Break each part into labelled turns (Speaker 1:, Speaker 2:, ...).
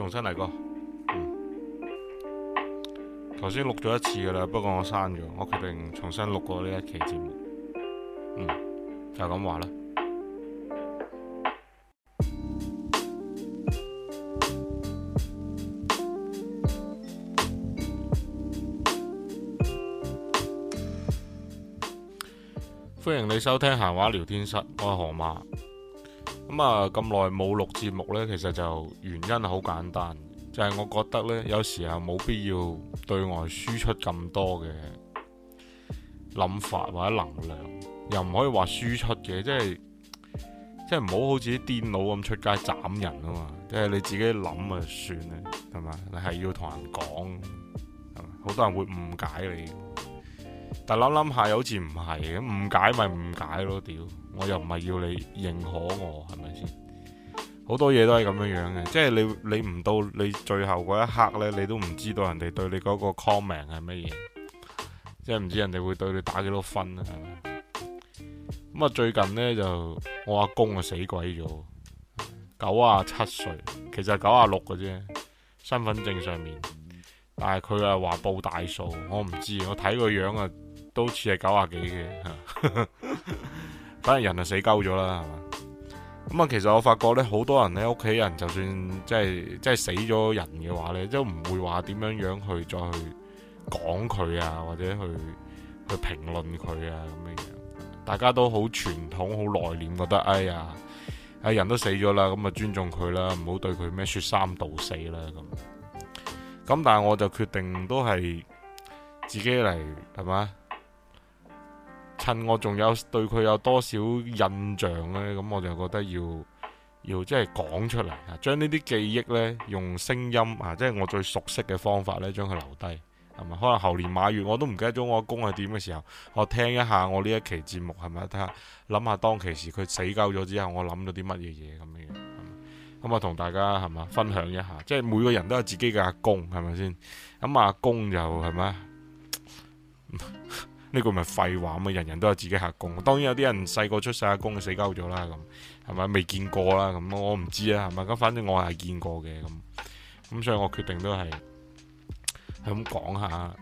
Speaker 1: 重新嚟過，嗯，頭先錄咗一次噶啦，不過我刪咗，我決定重新錄過呢一期節目。嗯，就咁話啦。歡迎你收聽閒話聊天室，我係河馬。咁啊，咁耐冇錄節目咧，其實就原因好簡單，就係我覺得咧有時候冇必要對外輸出咁多嘅諗法或者能量，又唔可以話輸出嘅，即係即係唔好好似啲癲佬咁出街斬人啊嘛，即係你自己諗啊算啦，係嘛？你係要同人講，好多人會誤解你。但諗諗下又好似唔係，咁誤解咪誤解咯。屌，我又唔係要你認可我，係咪先？好多嘢都係咁樣樣嘅，即係你你唔到你最後嗰一刻呢，你都唔知道人哋對你嗰個 comment 係乜嘢，即係唔知人哋會對你打幾多分啊？係咁啊，最近呢，就我阿公啊死鬼咗，九啊七歲，其實九啊六嘅啫，身份證上面，但係佢啊話報大數，我唔知，我睇個樣啊。都似係九啊幾嘅，反正人就死鳩咗啦，係嘛？咁啊，其實我發覺呢，好多人咧，屋企人就算即係即係死咗人嘅話呢，都唔會話點樣樣去再去講佢啊，或者去去評論佢啊咁嘅樣。大家都好傳統，好內斂，覺得哎呀，啊人都死咗啦，咁啊尊重佢啦，唔好對佢咩說三道四啦咁。咁但係我就決定都係自己嚟，係嘛？趁我仲有對佢有多少印象呢，咁我就覺得要要即係講出嚟，將呢啲記憶呢，用聲音啊，即係我最熟悉嘅方法呢，將佢留低，係咪？可能猴年馬月我都唔記得咗我阿公係點嘅時候，我聽一下我呢一期節目係咪睇下，諗下當其時佢死鳩咗之後，我諗咗啲乜嘢嘢咁樣，咁我同大家係咪分享一下？即係每個人都有自己嘅阿公，係咪先？咁阿公就係咩？ 呢句咪廢話咁啊！人人都有自己阿公，當然有啲人細個出世阿公死鳩咗啦，咁係咪未見過啦？咁我唔知啊，係咪咁？反正我係見過嘅咁，咁所以我決定都係係咁講下，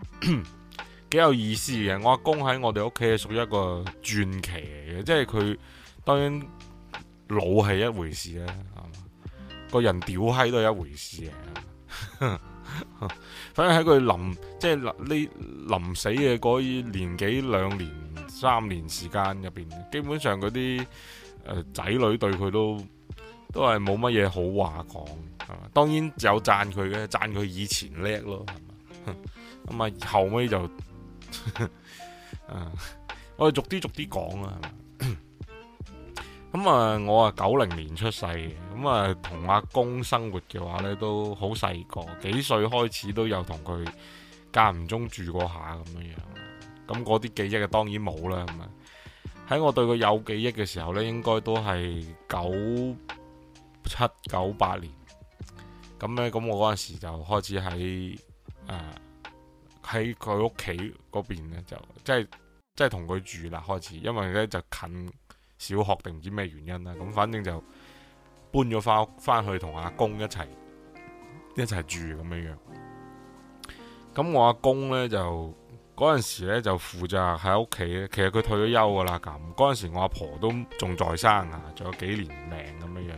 Speaker 1: 幾 有意思嘅。我阿公喺我哋屋企係屬於一個傳奇嘅，即係佢當然老係一回事啦，個人屌閪都係一回事嘅。 反正喺佢臨，即係呢臨死嘅嗰年幾兩年三年時間入邊，基本上嗰啲誒仔女對佢都都係冇乜嘢好話講，係嘛？當然有讚佢嘅，讚佢以前叻咯，係嘛？咁啊後尾就我哋逐啲逐啲講啊，係嘛。咁啊，我啊九零年出世嘅，咁啊同阿公生活嘅話咧，都好細個，幾歲開始都有同佢間唔中住過一下咁樣樣。咁嗰啲記憶嘅當然冇啦，咁啊喺我對佢有記憶嘅時候咧，應該都係九七九八年。咁咧，咁我嗰陣時候就開始喺誒喺佢屋企嗰邊咧，就即係即係同佢住啦，開始，因為咧就近。小學定唔知咩原因啦，咁反正就搬咗翻屋，翻去同阿公一齊一齊住咁樣樣。咁我阿公呢，就嗰陣時咧就負責喺屋企，其實佢退咗休噶啦。咁嗰陣時我阿婆都仲在生啊，仲有幾年命咁樣樣。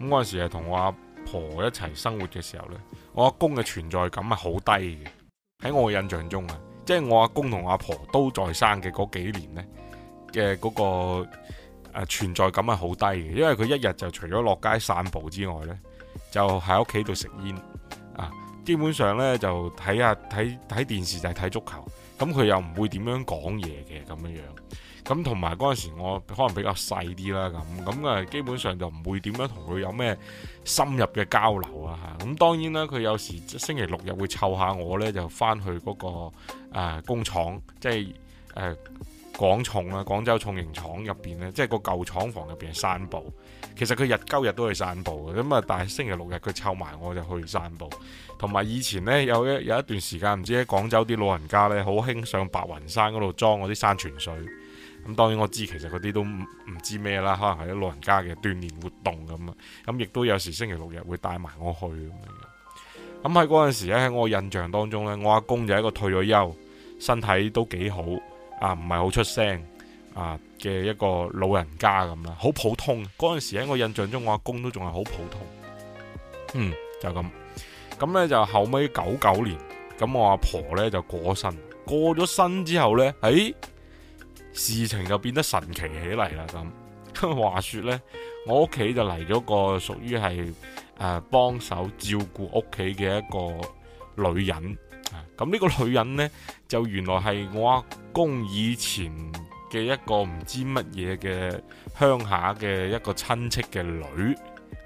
Speaker 1: 咁嗰陣時係同我阿婆一齊生活嘅時候呢，我阿公嘅存在感係好低嘅。喺我印象中啊，即係我阿公同阿婆都在生嘅嗰幾年呢。嘅嗰個啊存在感係好低嘅，因為佢一日就除咗落街散步之外呢，就喺屋企度食煙啊，基本上呢就睇下睇睇電視就係睇足球，咁佢又唔會點樣講嘢嘅咁樣樣，咁同埋嗰陣時我可能比較細啲啦咁，咁啊基本上就唔會點樣同佢有咩深入嘅交流啊嚇，咁當然啦，佢有時星期六日會湊下我呢，就翻去嗰個啊工廠，即係誒廣重呀，廣州重型廠入邊呢，即係個舊廠房入邊散步。其實佢日鳩日都去散步嘅，咁啊，但係星期六日佢湊埋我就去散步。同埋以前呢，有一有一段時間，唔知喺廣州啲老人家呢，好興上白雲山嗰度裝嗰啲山泉水。咁當然我知，其實嗰啲都唔唔知咩啦，可能係啲老人家嘅鍛鍊活動咁啊。咁亦都有時星期六日會帶埋我去。咁喺嗰陣時咧，喺我印象當中呢，我阿公就係一個退咗休，身體都幾好。啊，唔係好出聲啊嘅一個老人家咁啦，好普通。嗰陣時喺我印象中，我阿公都仲係好普通。嗯，就咁。咁呢就後尾九九年，咁我阿婆呢就過身，過咗身之後呢，誒，事情就變得神奇起嚟啦。咁話說呢，我屋企就嚟咗個屬於係誒幫手照顧屋企嘅一個女人。咁呢個女人呢，就原來係我阿公以前嘅一個唔知乜嘢嘅鄉下嘅一個親戚嘅女，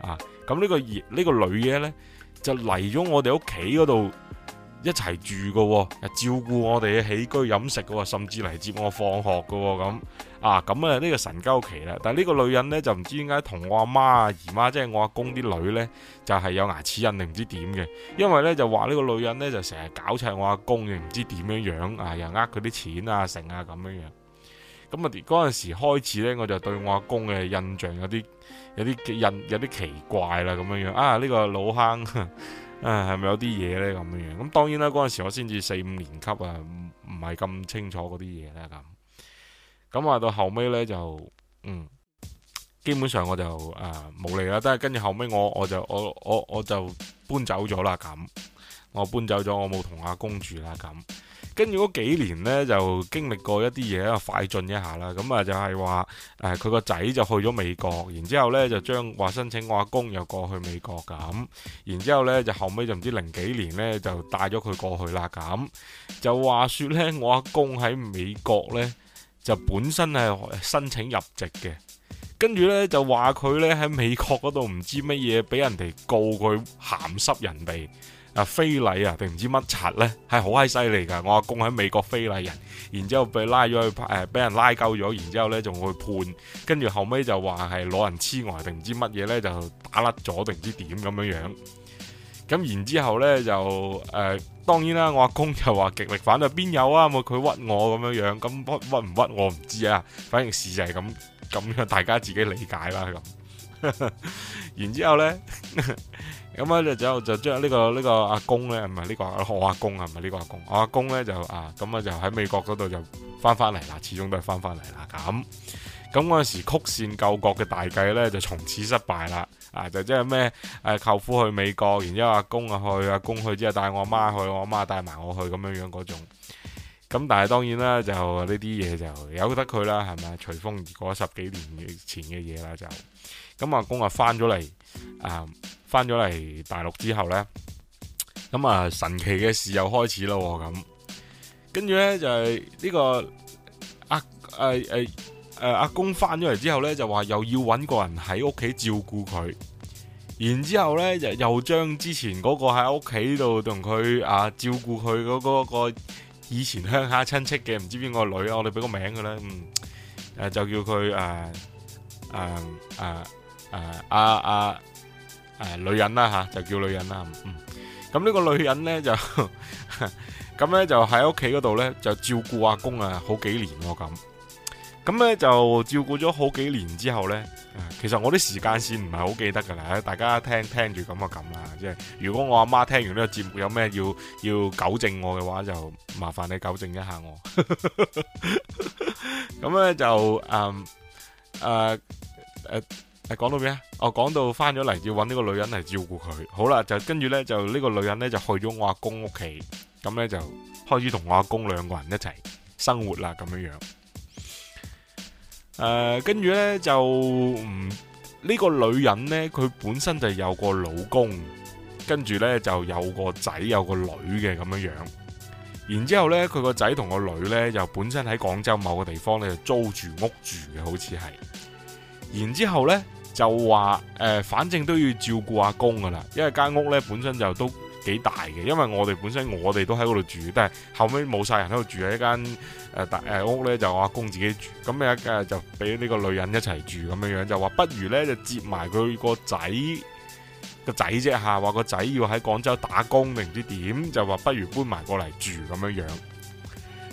Speaker 1: 啊！咁呢個呢個女嘅呢，就嚟咗我哋屋企嗰度。一齊住嘅喎，照顧我哋嘅起居飲食嘅喎，甚至嚟接我放學嘅喎，咁啊咁啊呢個神交期啦。但係呢個女人呢，就唔知點解同我阿媽啊姨媽，即係我阿公啲女呢，就係有牙齒印定唔知點嘅。因為呢，就話呢個女人呢，就成日搞齊我阿公，嘅，唔知點樣樣啊，又呃佢啲錢啊成啊咁樣樣。咁啊啲嗰陣時開始呢，我就對我阿公嘅印象有啲有啲印有啲奇怪啦，咁樣樣啊，呢個老坑。呵呵。誒，係咪有啲嘢呢？咁樣？咁當然啦，嗰陣時我先至四五年級啊，唔唔係咁清楚嗰啲嘢咧咁。咁話到後尾呢，就，嗯，基本上我就誒冇嚟啦。但係跟住後尾我我就我我我就搬走咗啦咁。我搬走咗，我冇同阿公住啦咁。跟住嗰幾年呢，就經歷過一啲嘢喺度快進一下啦。咁啊，就係話誒，佢個仔就去咗美國，然之後呢就將話申請我阿公又過去美國咁。然之後呢，後就後尾就唔知零幾年呢，就帶咗佢過去啦咁。就話説呢，我阿公喺美國呢，就本身係申請入籍嘅，跟住呢，就話佢呢喺美國嗰度唔知乜嘢俾人哋告佢鹹濕人哋。啊，非禮啊，定唔知乜柒呢？係好閪犀利噶！我阿公喺美國非禮人，然之後被拉咗去，誒、呃，俾人拉鳩咗，然之後呢，仲去判，跟住後尾就話係攞人黐外，定唔知乜嘢呢？就打甩咗，定唔知點咁樣樣。咁然之後呢，就誒、呃，當然啦，我阿公又話極力反對，邊有啊？冇佢屈我咁樣樣，咁屈唔屈我唔知道啊。反正事就係咁咁樣，大家自己理解啦咁。 然之後呢。 咁啊，就就即係呢個呢個阿公咧，唔係呢個我阿公係咪呢個阿公？我阿公咧就啊，咁啊就喺美國嗰度就翻翻嚟啦，始終都係翻翻嚟啦。咁咁嗰陣時曲線救國嘅大計咧，就從此失敗啦。啊，就即係咩誒？舅父去美國，然之後阿公，啊去阿公去之後帶我媽去，我媽帶埋我去咁樣樣嗰種。咁但係當然啦，就呢啲嘢就由得佢啦，係咪？隨風而過，十幾年前嘅嘢啦，就咁阿公啊翻咗嚟啊。翻咗嚟大陸之後呢，咁啊神奇嘅事又開始咯咁，跟住呢，就係呢個阿誒誒誒阿公翻咗嚟之後呢，就話又要搵個人喺屋企照顧佢，然之後咧，又又將之前嗰個喺屋企度同佢啊照顧佢嗰嗰個以前鄉下親戚嘅唔知邊個女啊，我哋俾個名佢啦，嗯，就叫佢誒誒誒誒阿呃、女人啦吓，就叫女人啦。嗯，咁呢個女人呢，就咁咧就喺屋企嗰度呢，就照顧阿公啊，好幾年咯咁。咁呢，就照顧咗好幾年之後呢。其實我啲時間線唔係好記得噶啦，大家聽聽住咁啊咁啦。即係、就是、如果我阿媽聽完呢個節目有咩要要糾正我嘅話，就麻煩你糾正一下我。咁呢，就誒誒。呃呃呃講到邊啊？我、哦、講到翻咗嚟，要搵呢個女人嚟照顧佢。好啦，就跟住呢，就呢、這個女人呢，就去咗我阿公屋企，咁呢，就開始同我阿公兩個人一齊生活啦，咁樣樣。誒、呃，跟住呢，就唔呢、嗯這個女人呢，佢本身就有個老公，跟住呢，就有個仔有個女嘅咁樣樣。然之後呢，佢個仔同個女呢，又本身喺廣州某個地方呢，就租住屋住嘅，好似係。然之後呢。就話、呃、反正都要照顧阿公噶啦，因為間屋咧本身就都幾大嘅，因為我哋本身我哋都喺嗰度住，但係後尾冇晒人喺度住，喺間、呃、大、呃、屋咧就阿公自己住，咁樣、呃、就俾呢個女人一齊住咁樣樣，就話不如咧就接埋佢個仔個仔啫嚇，話個仔要喺廣州打工定唔知點，就話不如搬埋過嚟住咁樣樣。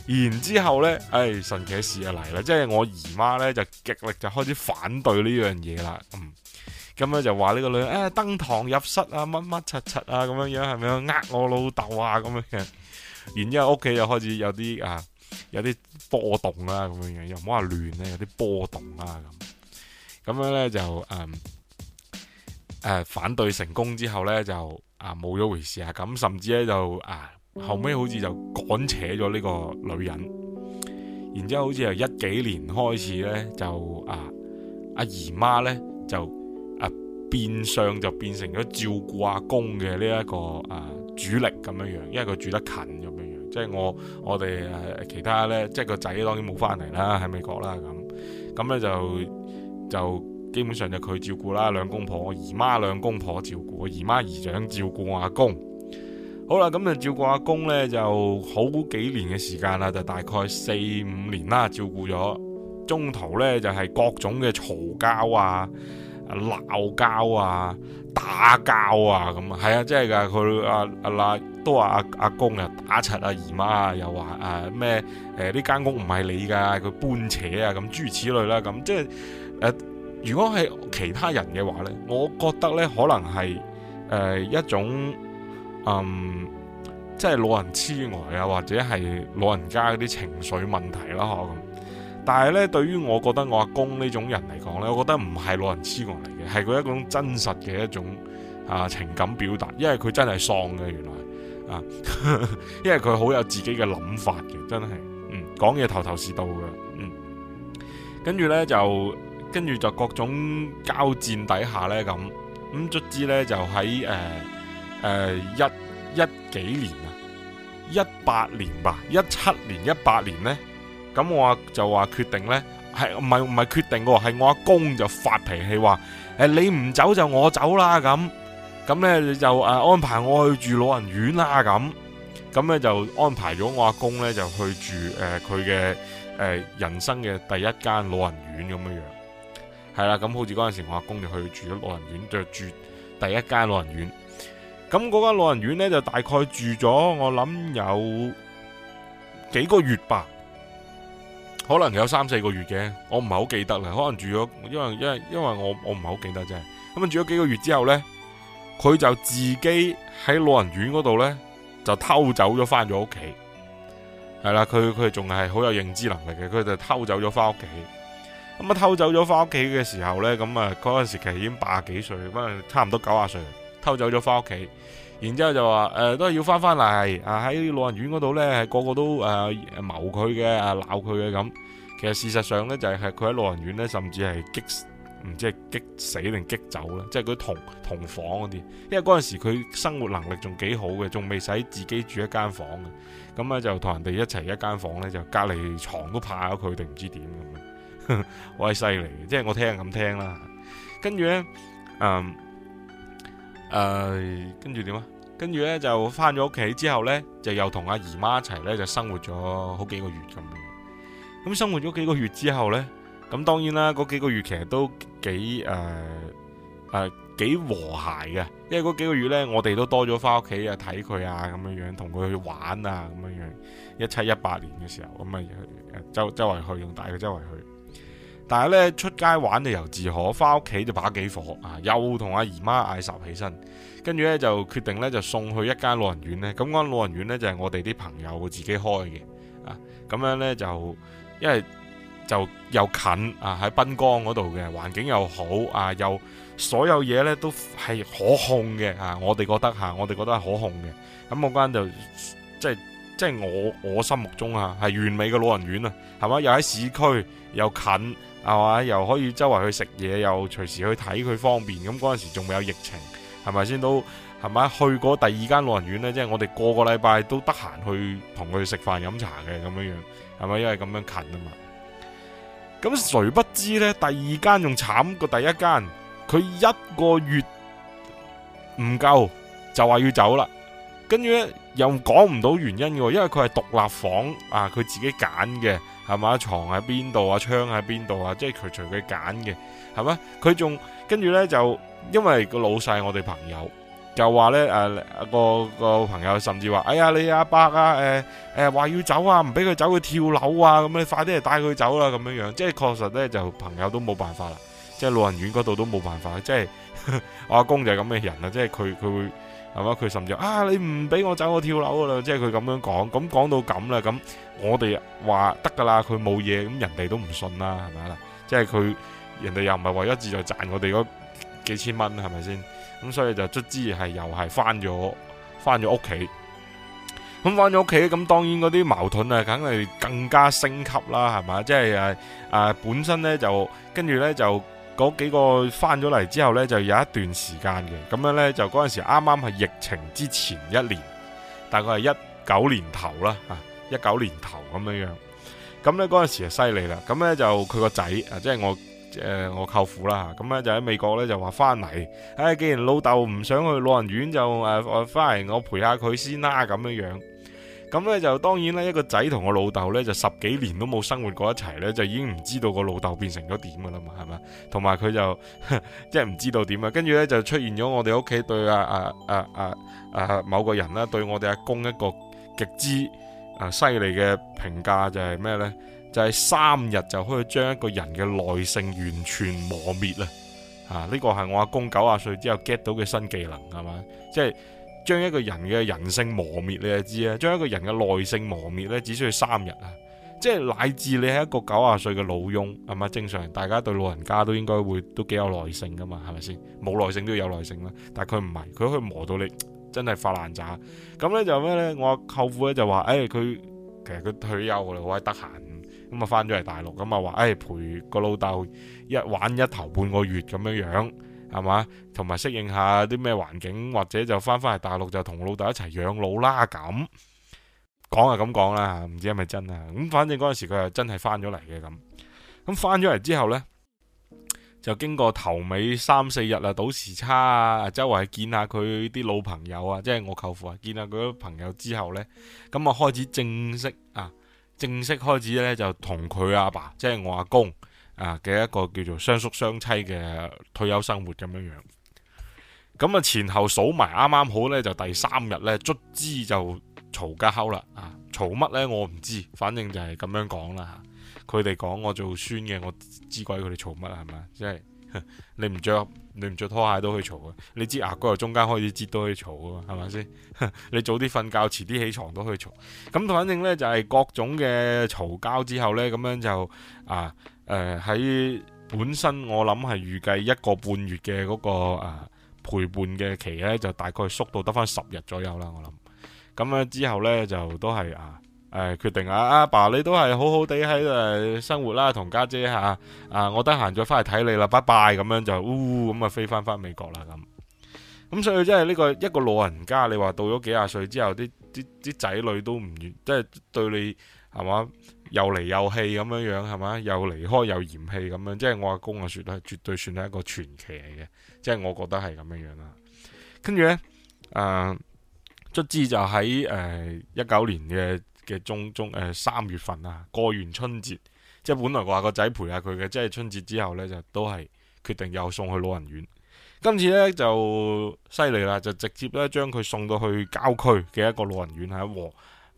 Speaker 1: 然之後呢，唉、哎，神奇事就嚟啦，即係我姨媽呢，就極力就開始反對呢樣嘢啦，嗯，咁咧就話呢個女人啊、哎、登堂入室啊乜乜柒柒啊咁樣樣係咪呃我老豆啊咁樣樣，然之後屋企又開始有啲啊有啲波動啦咁樣樣，又唔好話亂咧，有啲波動啦咁，咁樣呢，樣就嗯誒、啊、反對成功之後呢，就啊冇咗回事啊，咁甚至呢就，就啊～後尾好似就趕扯咗呢個女人，然之後好似由一幾年開始呢，就啊阿姨媽呢，就啊變相就變成咗照顧阿公嘅呢一個啊主力咁樣樣，因為佢住得近咁樣樣，即係我我哋誒、啊、其他呢，即係個仔當然冇翻嚟啦，喺美國啦咁，咁呢，咁就就基本上就佢照顧啦，兩公婆我姨媽兩公婆照顧，姨媽姨丈照顧我阿公。好啦，咁就照顧阿公咧，就好幾年嘅時間啦，就大概四五年啦，照顧咗。中途咧就係、是、各種嘅嘈交啊、鬧交啊、打交啊咁啊，係啊，即係噶。佢阿阿嗱都話阿阿公又打柒阿姨媽啊，媽又話啊咩誒呢間屋唔係你噶，佢搬扯啊，咁諸如此類啦。咁即係誒、呃，如果係其他人嘅話咧，我覺得咧可能係誒、呃、一種。嗯，即係老人痴呆啊，或者係老人家嗰啲情緒問題啦，嗬。但係咧，對於我覺得我阿公呢種人嚟講咧，我覺得唔係老人痴呆嚟嘅，係佢一種真實嘅一種啊情感表達，因為佢真係喪嘅原來啊， 因為佢好有自己嘅諗法嘅，真係，嗯，講嘢頭頭是道嘅，嗯。跟住咧就，跟住就各種交戰底下咧咁，咁卒之咧就喺誒。呃誒、呃，一一幾年啊？一八年吧，一七年、一八年呢。咁我就話決定呢，係唔係唔係決定喎。係我阿公就發脾氣話：誒、呃，你唔走就我走啦！咁咁呢就誒、呃、安排我去住老人院啦！咁咁呢，就安排咗我阿公呢，就去住誒佢嘅誒人生嘅第一間老人院咁樣樣。係啦，咁好似嗰陣時我阿公就去住咗老人院，就住第一間老人院。咁嗰間老人院咧就大概住咗，我諗有幾個月吧，可能有三四個月嘅，我唔係好記得啦，可能住咗，因為因為因為我我唔係好記得啫。咁住咗幾個月之後咧，佢就自己喺老人院嗰度咧就偷走咗翻咗屋企，係啦，佢佢仲係好有認知能力嘅，佢就偷走咗翻屋企。咁啊偷走咗翻屋企嘅時候咧，咁啊嗰陣時其實已經八幾歲，可能差唔多九廿歲。偷走咗翻屋企，然之後就話誒、呃，都係要翻翻嚟啊！喺老人院嗰度咧，個個都誒、呃、謀佢嘅，鬧佢嘅咁。其實事實上呢，就係佢喺老人院呢，甚至係激唔知係激死定激走啦。即係佢同同房嗰啲，因為嗰陣時佢生活能力仲幾好嘅，仲未使自己住一間房嘅。咁咧就同人哋一齊一間房呢，就隔籬床都怕咗佢定唔知點咁嘅，好係犀利嘅。即係我聽咁聽啦，跟住呢。嗯。誒，跟住點啊？跟住咧就翻咗屋企之後咧，就又同阿姨媽一齊咧就生活咗好幾個月咁樣。咁生活咗幾個月之後咧，咁當然啦，嗰幾個月其實都幾誒誒、呃呃、幾和諧嘅，因為嗰幾個月咧我哋都多咗翻屋企啊睇佢啊咁樣樣，同佢去玩啊咁樣樣，一七一八年嘅時候咁啊、嗯、周周圍去，用帶佢周圍去。但係咧，出街玩就由自可，翻屋企就把幾火啊！又同阿姨媽嗌霎起身，跟住咧就決定咧就送去一間老人院咧。咁間老人院咧就係我哋啲朋友自己開嘅啊！咁樣咧就因為就又近啊，喺濱江嗰度嘅環境又好啊，又所有嘢咧都係可控嘅啊！我哋覺得吓，我哋覺得係可控嘅。咁嗰間就即係即係我我心目中啊係完美嘅老人院啊，係嘛？又喺市區又近。係嘛，又可以周圍去食嘢，又隨時去睇佢方便。咁嗰陣時仲未有疫情，係咪先，都係咪去過第二間老人院呢？即係我哋個個禮拜都得閒去同佢食飯飲茶嘅咁樣樣，係咪？因為咁樣近啊嘛。咁誰不知呢？第二間仲慘過第一間，佢一個月唔夠，就話要走啦。跟住咧又講唔到原因喎，因為佢係獨立房啊，佢自己揀嘅。係嘛，床喺邊度啊，窗喺邊度啊，即係佢隨佢揀嘅，係咪？佢仲跟住咧就，因為個老細我哋朋友就話咧誒，個個朋友甚至話，哎呀你阿伯啊，誒誒話要走啊，唔俾佢走佢跳樓啊，咁你快啲嚟帶佢走啦、啊，咁樣樣，即係確實咧就朋友都冇辦法啦，即係老人院嗰度都冇辦法，即係我阿公就係咁嘅人啦，即係佢佢會。係嘛？佢甚至話啊，你唔俾我走，我跳樓噶啦！即係佢咁樣講，咁講到咁啦，咁我哋話得噶啦，佢冇嘢，咁人哋都唔信啦，係咪啊？即係佢人哋又唔係為咗自在賺我哋嗰幾千蚊，係咪先？咁所以就卒之係又係翻咗翻咗屋企。咁翻咗屋企，咁當然嗰啲矛盾啊，梗係更加升級啦，係咪？即係誒誒，本身咧就跟住咧就。嗰幾個翻咗嚟之後呢，就有一段時間嘅，咁樣呢，就嗰陣時啱啱係疫情之前一年，大概係一九年頭啦，嚇，一九年頭咁樣樣，咁呢嗰陣時就犀利啦，咁呢，就佢個仔啊，即係我、呃、我舅父啦嚇，咁呢就喺美國呢，就話翻嚟，既然老豆唔想去老人院就，就返翻嚟我陪下佢先啦，啊，咁樣樣。咁咧就當然呢，一個仔同我老豆咧就十幾年都冇生活過一齊咧，就已經唔知道個老豆變成咗點噶啦嘛，係嘛？同埋佢就即係唔知道點啊。跟住咧就出現咗我哋屋企對啊啊啊啊啊某個人啦，對我哋阿公一個極之啊犀利嘅評價就係咩呢？就係三日就可以將一個人嘅耐性完全磨滅啦！啊，呢個係我阿公九啊歲之後 get 到嘅新技能係嘛？即係。就是將一個人嘅人性磨滅，你就知啦。將一個人嘅耐性磨滅咧，只需要三日啊！即係乃至你係一個九十歲嘅老翁，係咪正常？大家對老人家都應該會都幾有耐性噶嘛，係咪先？冇耐性都要有耐性啦。但係佢唔係，佢可以磨到你真係發爛渣。咁咧就咩咧？我舅父咧就話：，誒、欸，佢其實佢退休我啦，好得閒，咁啊翻咗嚟大陸，咁啊話：，誒陪個老豆一玩一頭半個月咁樣樣。係嘛，同埋適應下啲咩環境，或者就翻返嚟大陸就同老豆一齊養老啦。咁講係咁講啦，唔知係咪真啊？咁反正嗰陣時佢係真係翻咗嚟嘅咁。咁翻咗嚟之後呢，就經過頭尾三四日啦，啊，倒時差啊，周圍見下佢啲老朋友啊，即係我舅父啊，見下佢啲朋友之後呢，咁啊開始正式啊，正式開始呢，就同佢阿爸，即係我阿公。啊嘅一個叫做雙宿雙棲嘅退休生活咁樣樣，咁啊前後數埋啱啱好呢，就第三日呢，卒之就嘈交啦啊！嘈乜呢？我唔知，反正就係咁樣講啦。佢哋講我做孫嘅，我知鬼佢哋嘈乜係係咪？即係、就是、你唔着你唔着拖鞋都去嘈啊！你支牙膏由中間開始折都去嘈啊？係咪先？你早啲瞓覺，遲啲起床都去嘈。咁反正呢，就係、是、各種嘅嘈交之後呢，咁樣就啊。誒喺、呃、本身我諗係預計一個半月嘅嗰、那個、呃、陪伴嘅期咧，就大概縮到得翻十日左右啦。我諗咁樣之後咧，就都係啊誒決定啊阿爸，爸你都係好好地喺度生活啦，同家姐嚇啊，我得閒再翻嚟睇你啦，拜拜咁樣就，嗚、呃，咁啊飛翻翻美國啦咁。咁所以即係呢個一個老人家，你話到咗幾廿歲之後，啲啲啲仔女都唔願，即係對你係嘛又嚟又氣咁樣樣，係嘛又離開又嫌棄咁樣，即係我阿公啊，算係絕對算係一個傳奇嚟嘅，即係我覺得係咁樣樣啦。跟住呢，誒、啊，卒之就喺誒一九年嘅嘅中中誒三月份啊，過完春節，即係本來話個仔陪下佢嘅，即係春節之後呢，就都係決定又送去老人院。今次呢就犀利啦，就直接咧將佢送到去郊區嘅一個老人院喺和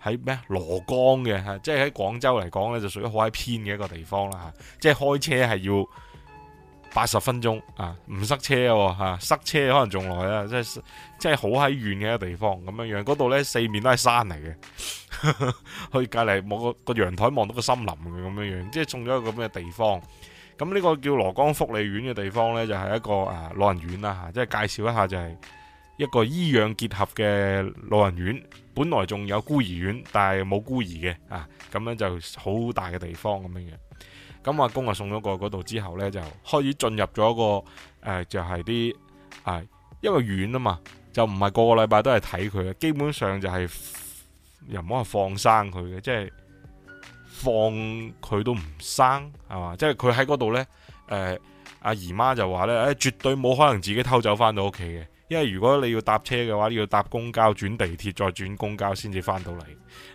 Speaker 1: 喺咩啊，羅崗嘅，即係喺廣州嚟講呢就屬於好喺偏嘅一個地方啦吓、啊，即係開車係要八十分鐘啊，唔塞車吓、啊啊，塞車可能仲耐啊，即係即係好喺遠嘅一個地方咁樣樣，嗰度呢，四面都係山嚟嘅，去隔籬望個個陽台望到個森林嘅咁樣樣，即係送咗一個咁嘅地方。咁呢個叫羅江福利院嘅地方呢，就係、是、一個誒、啊、老人院啦、啊、即係介紹一下就係一個醫養結合嘅老人院。本來仲有孤兒院，但係冇孤兒嘅啊，咁樣就好大嘅地方咁樣嘅。咁阿公啊，送咗過去嗰度之後呢，就開始進入咗一個、啊、就係、是、啲一、啊、因為院啊嘛，就唔係個個禮拜都係睇佢嘅，基本上就係、是、又唔好話放生佢嘅，即係。放佢都唔生，係嘛？即係佢喺嗰度呢。誒、呃，阿姨媽就話呢，誒、欸，絕對冇可能自己偷走翻到屋企嘅，因為如果你要搭車嘅話，你要搭公交轉地鐵再轉公交先至翻到嚟。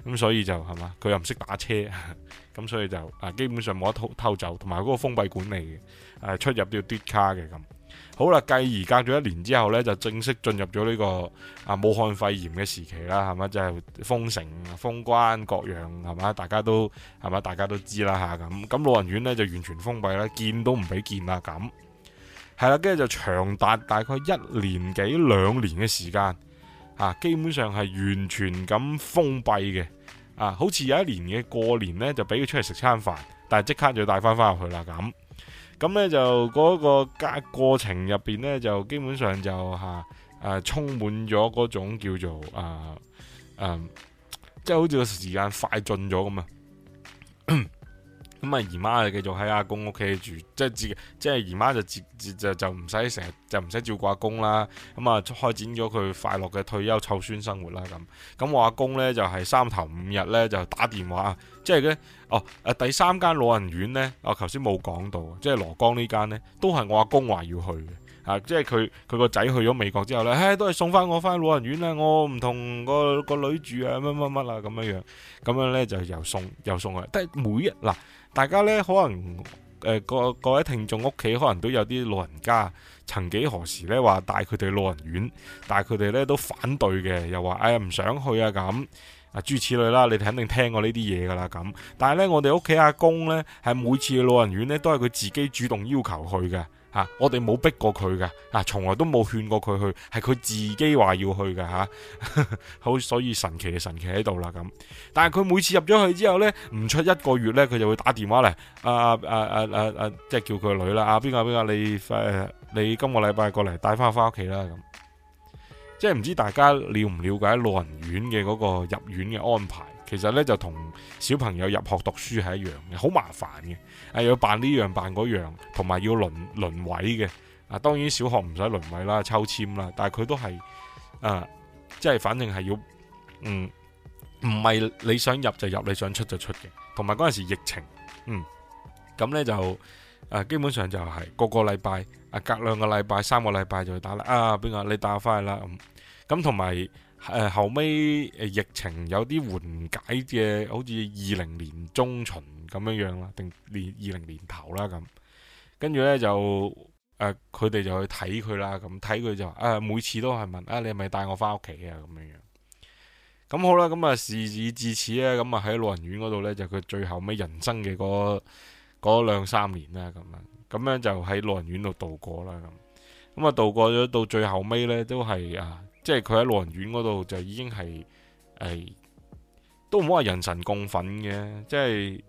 Speaker 1: 咁所以就係嘛，佢又唔識打車，咁 所以就啊、呃，基本上冇得偷偷走，同埋嗰個封閉管理嘅，誒、呃，出入都要嘟卡嘅咁。好啦，繼而隔咗一年之後呢，就正式進入咗呢個啊武漢肺炎嘅時期啦，係咪？就係、封城、封關各樣，係咪？大家都係咪？大家都知啦吓咁。咁、啊、老人院呢就完全封閉啦，見都唔俾見啦咁。係啦，跟住就長達大概一年幾兩年嘅時間啊，基本上係完全咁封閉嘅啊，好似有一年嘅過年呢，就俾佢出嚟食餐飯，但係即刻就要帶翻翻入去啦咁。咁呢，就嗰個加過程入面呢，就基本上就、啊啊、充滿咗嗰種叫做誒、啊啊、即係好似個時間快進咗咁啊！ 咁啊姨媽就繼續喺阿公屋企住，即係自即係姨媽就就唔使成日就唔使照顧阿公啦。咁啊開展咗佢快樂嘅退休湊孫生活啦。咁咁我阿公呢，就係、是、三頭五日呢，就打電話，即係嘅。哦第三間老人院呢，我頭先冇講到，即係蘿崗呢間呢，都係我阿公話要去嘅啊，即係佢佢個仔去咗美國之後呢，哎、都係送翻我翻老人院呢。我唔同，個、個女住啊乜乜乜啊，咁樣樣，咁樣呢，就又送又送去，但係每日嗱。啦大家呢，可能誒各各位聽眾屋企可能都有啲老人家，曾幾何時呢話帶佢哋去老人院，但係佢哋呢都反對嘅，又話哎呀，唔想去啊咁啊諸此類啦，你哋肯定聽過呢啲嘢噶啦咁。但係呢，我哋屋企阿公呢係每次去老人院呢都係佢自己主動要求去嘅。啊、我哋冇逼過佢㗎，啊從來都冇勸過佢去，係佢自己話要去㗎。吓、啊。 好，所以神奇嘅神奇喺度啦咁。但係佢每次入咗去之後呢，唔出一個月呢，佢就會打電話嚟，啊啊啊啊啊，即係叫佢女啦，啊邊個邊個你、呃、你今個禮拜過嚟帶翻翻屋企啦咁。即係唔知大家了唔了解老人院嘅嗰個入院嘅安排。其實咧就同小朋友入學讀書係一樣嘅，好麻煩嘅，啊要辦呢樣辦嗰樣，同埋要輪，輪位嘅，啊當然小學唔使輪位啦，抽籤啦，但係佢都係，啊即係、就是、反正係要，嗯，唔係你想入就入，你想出就出嘅，同埋嗰陣時疫情，嗯，咁呢就、啊，基本上就係、是、個個禮拜，啊隔兩個禮拜三個禮拜就打啦，啊邊個、啊、你打翻啦咁同埋。嗯誒，後尾誒疫情有啲緩解嘅，好似二零年中旬咁樣樣啦，定年二零年頭啦咁，跟住咧就誒，佢、呃、哋就去睇佢啦，咁睇佢就話啊、呃，每次都係問啊，你係咪帶我翻屋企啊？咁樣樣，咁好啦，咁啊事已至此咧，咁啊喺老人院嗰度咧，就佢最後尾人生嘅嗰嗰兩三年啦，咁樣咁樣就喺老人院度度過啦，咁咁啊度過咗到最後尾咧，都係啊。即係佢喺老人院嗰度就已經係誒、欸，都唔好話人神共憤嘅，即係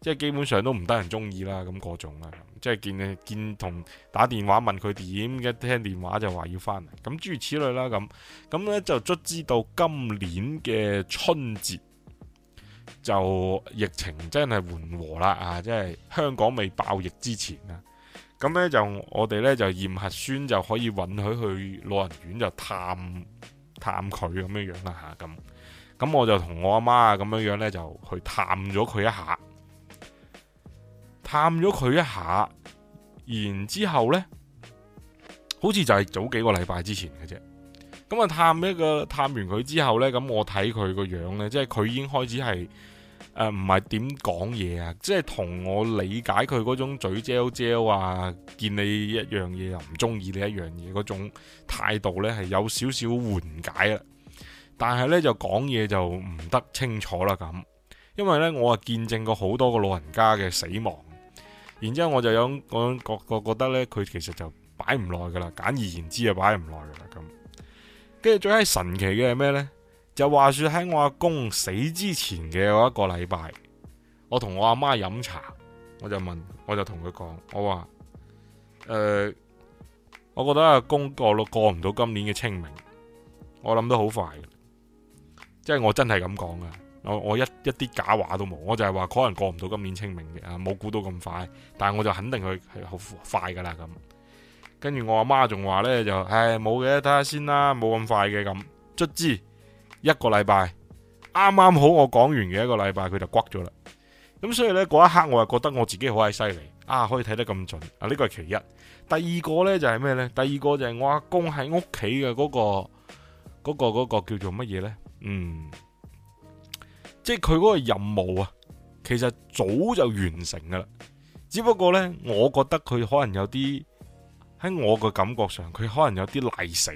Speaker 1: 即係基本上都唔得人中意啦，咁嗰種啦，即係見見同打電話問佢點，一聽電話就話要翻嚟，咁諸如此類啦，咁咁咧就卒之到今年嘅春節就疫情真係緩和啦啊！即係香港未爆疫之前啊！咁咧就我哋咧就驗核酸就可以允許去老人院就探探佢咁樣樣啦吓，咁咁我就同我阿媽啊咁樣樣咧就去探咗佢一下，探咗佢一下，然之後咧，好似就係早幾個禮拜之前嘅啫。咁啊探一個探完佢之後咧，咁我睇佢個樣咧，即係佢已經開始係。誒唔係點講嘢啊！即係同我理解佢嗰種嘴嚼嚼啊，見你一樣嘢又唔中意你一樣嘢嗰種態度呢係有少少緩解啦。但係呢，就講嘢就唔得清楚啦咁，因為呢，我啊見證過好多個老人家嘅死亡，然之後我就有嗰種覺覺覺得呢，佢其實就擺唔耐噶啦，簡而言之就擺唔耐噶啦咁。跟住最係神奇嘅係咩呢？就話説喺我阿公死之前嘅一個禮拜，我同我阿媽飲茶，我就問，我就同佢講，我話：，誒，我覺得阿公過到過唔到今年嘅清明，我諗都好快嘅，即係我真係咁講嘅，我我一一啲假話都冇，我就係話可能過唔到今年清明嘅，啊冇估到咁快，但係我就肯定佢係好快噶啦咁。跟住我阿媽仲話呢，就：，唉冇嘅，睇下先啦，冇咁快嘅咁，卒之。一個禮拜，啱啱好我講完嘅一個禮拜，佢就瓜咗啦。咁所以呢，嗰一刻我就覺得我自己好係犀利，啊可以睇得咁準啊！呢、這個係其一，第二個呢，就係、是、咩呢？第二個就係我阿公喺屋企嘅嗰個，那個、那個那個叫做乜嘢呢？嗯，即係佢嗰個任務啊，其實早就完成噶啦。只不過呢，我覺得佢可能有啲喺我嘅感覺上，佢可能有啲賴死。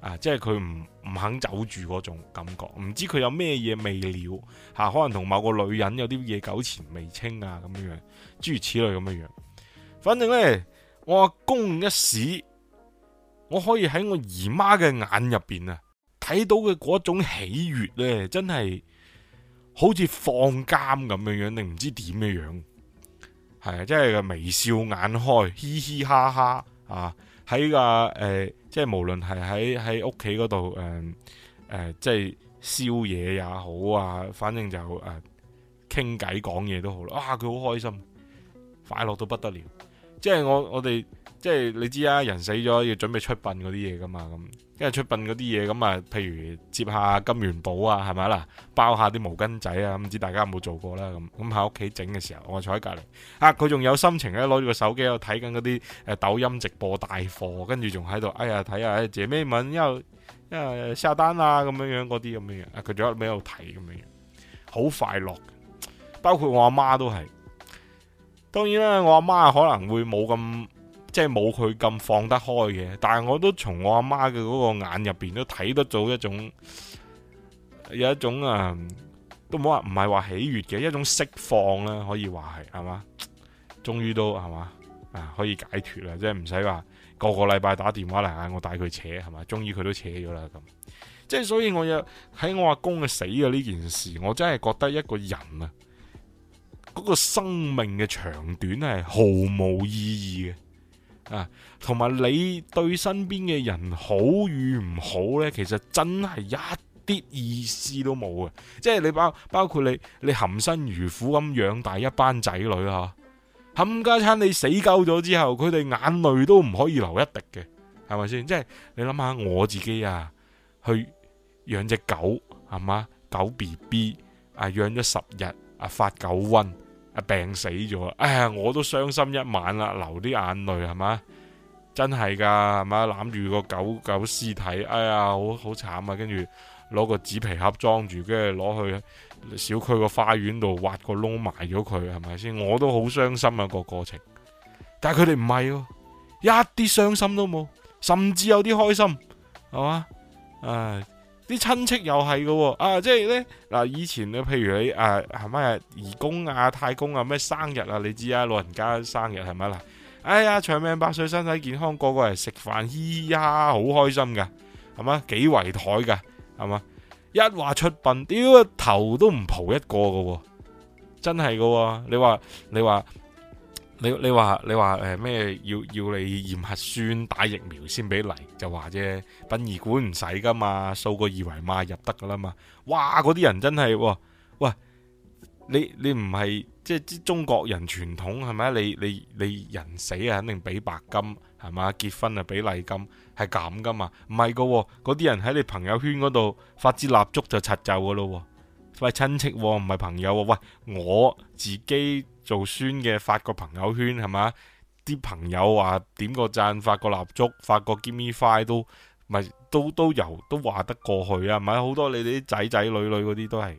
Speaker 1: 啊，即係佢唔唔肯走住嗰種感覺，唔知佢有咩嘢未了吓，可能同某個女人有啲嘢糾纏未清啊，咁樣樣諸如此類咁樣樣。反正呢，我阿公一死，我可以喺我姨媽嘅眼入邊啊，睇到嘅嗰種喜悅呢，真係好似放監咁樣樣，樣，定唔知點嘅樣。係啊，即係微笑眼開，嘻嘻哈哈啊，喺個誒。欸即係無論係喺喺屋企嗰度誒誒，即係燒嘢也好啊，反正就誒傾偈講嘢都好啦、啊。哇、啊！佢好開心，快樂到不得了。即係我我哋即係你知啊，人死咗要準備出殯嗰啲嘢噶嘛，咁，因為出殯嗰啲嘢，咁啊，譬如接下金元寶啊，係咪啊？包下啲毛巾仔啊，唔知大家有冇做過啦？咁咁喺屋企整嘅時候，我坐喺隔籬啊，佢仲有心情咧，攞住個手機喺度睇緊嗰啲誒抖音直播大貨，跟住仲喺度哎呀睇下誒，借咩文，因為因為下單啊咁樣樣嗰啲咁樣樣，佢仲喺度睇咁樣樣，好、啊、快樂，包括我阿媽都係。當然啦，我阿媽可能會冇咁即係冇佢咁放得開嘅，但係我都從我阿媽嘅嗰個眼入邊都睇得到一種有一種啊，都冇話唔係話喜悦嘅一種釋放啦，可以話係係嘛？終於都係嘛啊，可以解脱啦，即係唔使話個個禮拜打電話嚟,嗌我帶佢扯係嘛？終於佢都扯咗啦咁，即係所以我又喺我阿公嘅死嘅呢件事，我真係覺得一個人啊。嗰個生命嘅長短係毫無意義嘅，啊，同埋你對身邊嘅人好與唔好呢，其實真係一啲意思都冇啊，即係你包包括你你含辛茹苦咁養大一班仔女啊，冚家鏟你死夠咗之後，佢哋眼淚都唔可以流一滴嘅，係咪先？即係你諗下我自己啊，去養隻狗係嘛，狗 B B 啊，養咗十日啊發狗瘟。病死咗，哎呀，我都傷心一晚啦，流啲眼淚係嘛，真係噶係嘛，攬住個狗狗屍體，哎呀，好好慘啊！跟住攞個紙皮盒裝住，跟住攞去小區個花園度挖個窿埋咗佢，係咪先？我都好傷心啊、個過程，但係佢哋唔係，一啲傷心都冇，甚至有啲開心，係嘛，誒。啲親戚又係嘅喎，啊，即係呢，嗱，以前你譬如你誒係咩兒公啊、太公啊，咩生日啊，你知啊，老人家生日係咪啦？哎呀，長命百歲，身體健康，個個係食飯，咿呀、啊，好開心嘅，係嘛？幾圍台嘅，係嘛？一話出殯，屌頭都唔蒲一個嘅喎、啊，真係嘅喎，你話你話。你你話你話，誒咩要要你驗核酸打疫苗先俾嚟？就話啫，殯儀館唔使噶嘛，掃個二維碼入得噶啦嘛。哇，嗰啲人真係，喂，你你唔係即係中國人傳統係咪？你你你人死啊肯定俾白金係咪，結婚啊俾禮金係咁噶嘛，唔係噶，嗰啲人喺你朋友圈嗰度發支蠟燭就刷走噶咯，喂親戚唔、啊、係朋友、啊，喂我自己。做孫嘅發個朋友圈係嘛？啲朋友話點個贊、發個蠟燭、發個 give me five 都咪都都由都話得過去啊！咪好多你哋啲仔仔女女嗰啲都係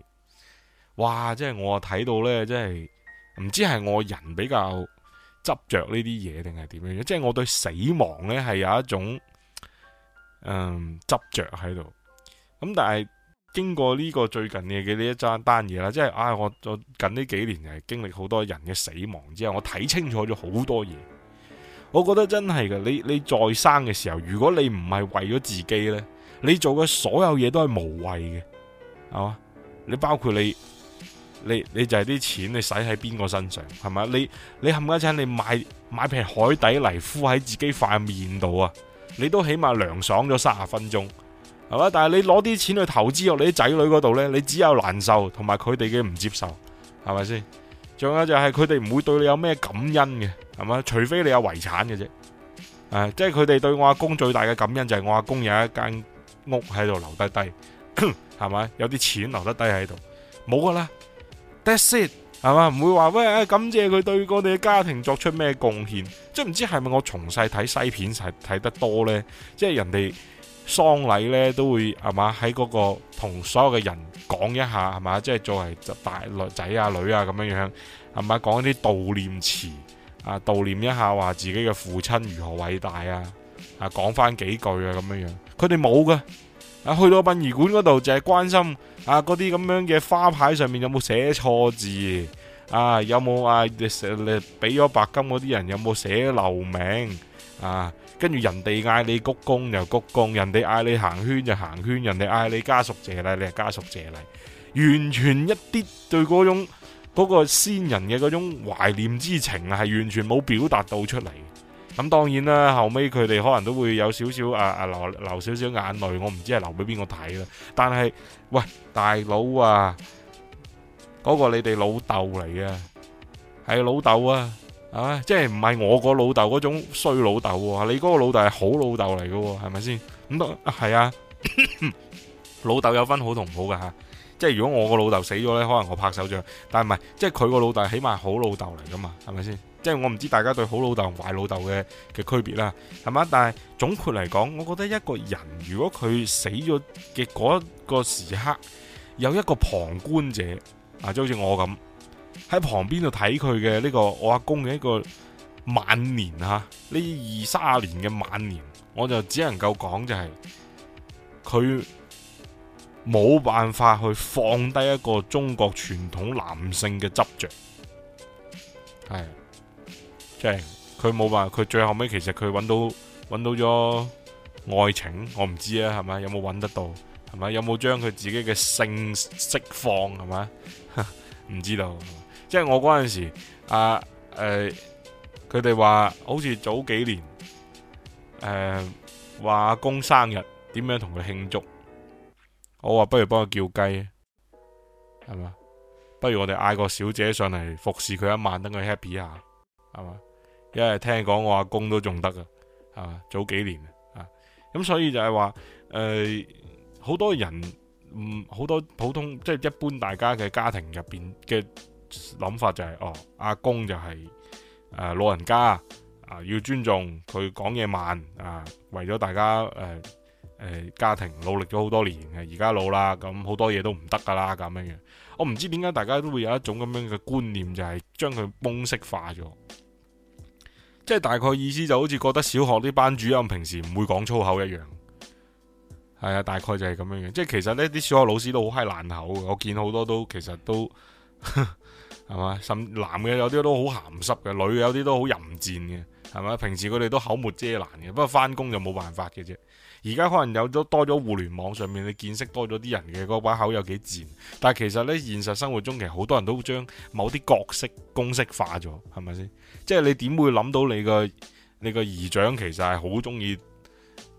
Speaker 1: 哇！即係我睇到呢，即係唔知係我人比較執着呢啲嘢定係點樣？即係我對死亡呢，係有一種嗯執著喺度。咁、嗯、但係。經過呢個最近嘅嘅呢一單單嘢啦，即係啊、哎，我近呢幾年係經歷好多人嘅死亡之後，我睇清楚咗好多嘢。我覺得真係嘅，你你再生嘅時候，如果你唔係為咗自己呢，你做嘅所有嘢都係無謂嘅，係嘛？你包括你，你就係啲錢，你使喺邊個身上係咪？你你冚家鏟，你，你買買瓶海底泥敷喺自己塊面度啊，你都起碼涼爽咗三十分鐘。係嘛？但係你攞啲錢去投資入你啲仔女嗰度呢，你只有難受同埋佢哋嘅唔接受，係咪先？仲有就係佢哋唔會對你有咩感恩嘅，係嘛？除非你有遺產嘅啫，啊，即係佢哋對我阿公最大嘅感恩就係我阿公有一間屋喺度留得低，係嘛？有啲錢留得低喺度，冇噶啦。That’s it，係嘛？唔會話喂，感謝佢對我哋嘅家庭作出咩貢獻？即係唔知係咪我從細睇西片睇得多呢？即係人哋。喪禮咧都會係嘛，喺嗰個同所有嘅人講一下係嘛，即係作為大女仔啊女啊咁樣樣係嘛，講一啲悼念詞啊，悼念一下話自己嘅父親如何偉大啊，啊講翻幾句啊咁樣樣。佢哋冇㗎啊，去到殯儀館嗰度就係關心啊嗰啲咁樣嘅花牌上面有冇寫錯字啊，有冇啊俾咗白金嗰啲人有冇寫留名啊？跟住人哋嗌你鞠躬又鞠躬，人哋嗌你行圈就行圈，人哋嗌你家屬謝禮你係家屬謝禮，完全一啲對嗰種、嗰個先人嘅嗰種懷念之情啊，係完全冇表達到出嚟。咁當然啦，後尾佢哋可能都會有少少啊啊流流少少眼淚，我唔知係留俾邊個睇啦。但係喂大佬啊，嗰、嗰個你哋老豆嚟啊，係老豆啊！啊，即係唔係我個老豆嗰種衰老豆喎？你嗰個老豆係好老豆嚟嘅，係咪先？咁啊，係啊，老豆有分好同唔好㗎。吓。即係如果我個老豆死咗呢，可能我拍手掌。但係唔係，即係佢個老豆起碼係好老豆嚟噶嘛？係咪先？即係我唔知大家對好老豆同壞老豆嘅嘅區別啦，係嘛？但係總括嚟講，我覺得一個人如果佢死咗嘅嗰個時刻，有一個旁觀者啊，就好似我咁。喺旁邊度睇佢嘅呢個我阿公嘅一個晚年吓，呢二三十年嘅晚年，我就只能夠講，就係佢冇辦法去放低一個中國傳統男性嘅執着，係即係佢冇辦法。佢最後尾其實佢揾到揾到咗愛情，我唔知啊，係咪有冇揾得到，係咪有冇將佢自己嘅性釋放，係咪唔知道？即係我嗰陣時，阿誒佢哋話好似早幾年誒話、呃、阿公生日點樣同佢慶祝？我話不如幫佢叫雞係嘛，不如我哋嗌個小姐上嚟服侍佢一晚，等佢 happy 下係嘛。因為聽講我阿公都仲得啊係嘛，早幾年啊咁，所以就係話誒，好多人唔好多普通即係、就是、一般大家嘅家庭入邊嘅。諗法就係、是、哦，阿公就係、是、誒、呃、老人家啊、呃，要尊重佢講嘢慢啊、呃，為咗大家誒誒、呃呃、家庭努力咗好多年，而家老啦，咁好多嘢都唔得噶啦咁樣。我唔知點解大家都會有一種咁樣嘅觀念，就係將佢矇式化咗，即係大概意思就好似覺得小學啲班主任平時唔會講粗口一樣。係啊，大概就係咁樣樣。即係其實呢啲小學老師都好閪爛口，我見好多都其實都。呵呵係嘛？甚至男嘅有啲都好鹹濕嘅，女嘅有啲都好淫賤嘅，係嘛？平時佢哋都口沒遮攔嘅，不過翻工就冇辦法嘅啫。而家可能有咗多咗互聯網上面，你見識多咗啲人嘅嗰把口有幾賤，但係其實呢，現實生活中其實好多人都將某啲角色公式化咗，係咪先？即係你點會諗到你個你個姨丈其實係好中意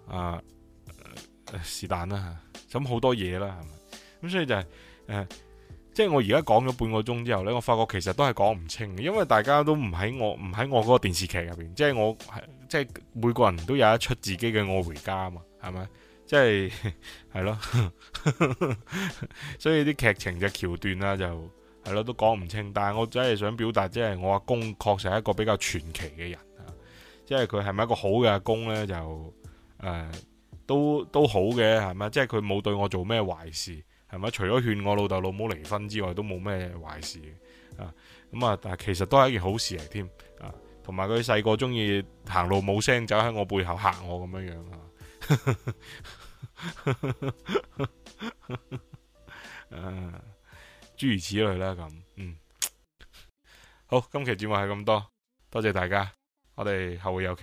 Speaker 1: 啊是但啦，咁好多嘢啦，係咪？咁所以就係、是、誒。呃即係我而家講咗半個鐘之後呢，我發覺其實都係講唔清嘅，因為大家都唔喺我唔喺我嗰個電視劇入邊，即係我即係每個人都有一出自己嘅我回家嘛，係咪？即係係咯， 所以啲劇情嘅橋段啦，就係咯都講唔清。但係我真係想表達，即係我阿公確實係一個比較傳奇嘅人。即係佢係咪一個好嘅阿公呢？就、呃、都都好嘅係咪？即係佢冇對我做咩壞事。係咪除咗勸我老豆老母離婚之外，都冇咩壞事啊？咁啊，但係其實都係一件好事嚟添啊！同埋佢細個中意行路冇聲，走喺我背後嚇我咁樣樣啊、！ 啊、諸如此類啦，咁嗯，好，今期節目係咁多，多謝大家，我哋後會有期。